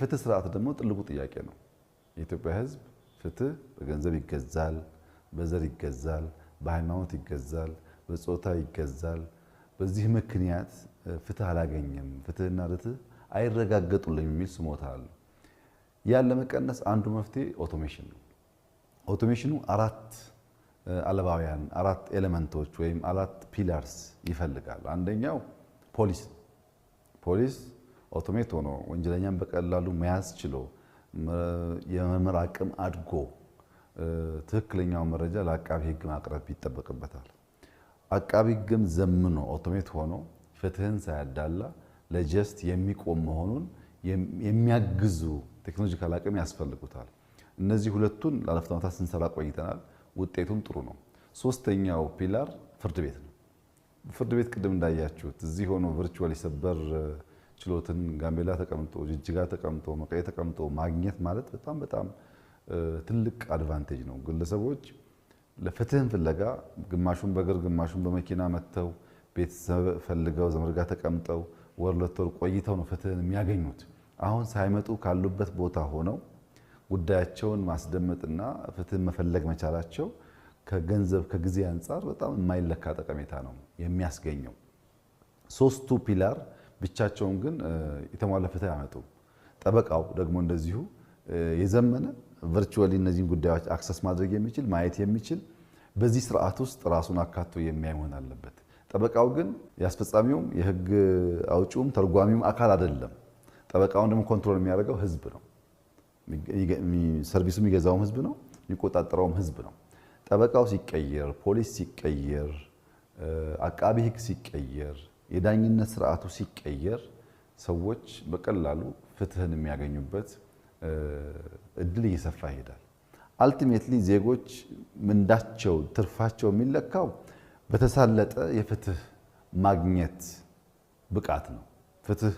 ፍትህ ስርዓት ደግሞ ጥልቁ ጥያቄ ነው። የኢትዮጵያ ህዝብ ፍትህ በገንዘብ ይገዛል፣ በዘር ይገዛል፣ በሃይማኖት ይገዛል፣ በጾታ ይገዛል። በዚህ ምክንያት ፍትህ አላገኘም፣ ፍትህና ርትህ አይረጋገጡልም የሚል ስሞታ አለ። ያን ለመቀነስ አንዱ መፍትሄ ኦቶሜሽን ነው። ኦቶሜሽኑ አራት አለባውያን አራት ኤሌመንቶች ወይም አራት ፒላርስ ይፈልጋል። አንደኛው ፖሊስ ፖሊስ ኦቶሜት ሆኖ ወንጀለኛን በቀላሉ መያዝ ችሎ የመመርመር አቅም አድጎ ትክክለኛው መረጃ ለአቃቢ ሕግ ማቅረብ ይጠበቅበታል። አቃቢ ሕግም ዘምኖ ኦቶሜት ሆኖ ፍትህን ሳያዳላ ለጀስት የሚቆም መሆኑን የሚያግዙ ቴክኖሎጂካል አቅም ያስፈልጉታል። እነዚህ ሁለቱን ላለፉት ዓመታት ስንሰራ ቆይተናል። ውጤቱም ጥሩ ነው። ሶስተኛው ፒላር ፍርድ ቤት ነው። ፍርድ ቤት ቅድም እንዳያችሁት እዚህ ሆኖ ቨርቹዋል የሰበር ችሎትን ጋምቤላ ተቀምጦ ጅጅጋ ተቀምጦ መቀሌ ተቀምጦ ማግኘት ማለት በጣም በጣም ትልቅ አድቫንቴጅ ነው። ግለሰቦች ለፍትህን ፍለጋ ግማሹን በእግር ግማሹን በመኪና መጥተው ቤተሰብ ፈልገው ዘመድ ጋር ተቀምጠው ወር ሁለት ወር ቆይተው ነው ፍትህን የሚያገኙት። አሁን ሳይመጡ ካሉበት ቦታ ሆነው ጉዳያቸውን ማስደመጥና ፍትህን መፈለግ መቻላቸው ከገንዘብ ከጊዜ አንጻር በጣም የማይለካ ጠቀሜታ ነው የሚያስገኘው ሶስቱ ፒላር ብቻቸውን ግን የተሟላ ፍትህ አያመጡም። ጠበቃው ደግሞ እንደዚሁ የዘመነ ቨርቹዋሊ እነዚህን ጉዳዮች አክሰስ ማድረግ የሚችል ማየት የሚችል በዚህ ስርዓት ውስጥ ራሱን አካቶ የሚያይሆን አለበት። ጠበቃው ግን የአስፈጻሚውም የህግ አውጪውም ተርጓሚውም አካል አይደለም። ጠበቃውን ደግሞ ኮንትሮል የሚያደርገው ህዝብ ነው። ሰርቪሱ የሚገዛውም ህዝብ ነው፣ የሚቆጣጠረውም ህዝብ ነው። ጠበቃው ሲቀየር፣ ፖሊስ ሲቀየር፣ አቃቢ ህግ ሲቀየር የዳኝነት ስርዓቱ ሲቀየር ሰዎች በቀላሉ ፍትህን የሚያገኙበት እድል እየሰፋ ይሄዳል። አልቲሜትሊ ዜጎች ምንዳቸው፣ ትርፋቸው የሚለካው በተሳለጠ የፍትህ ማግኘት ብቃት ነው። ፍትህ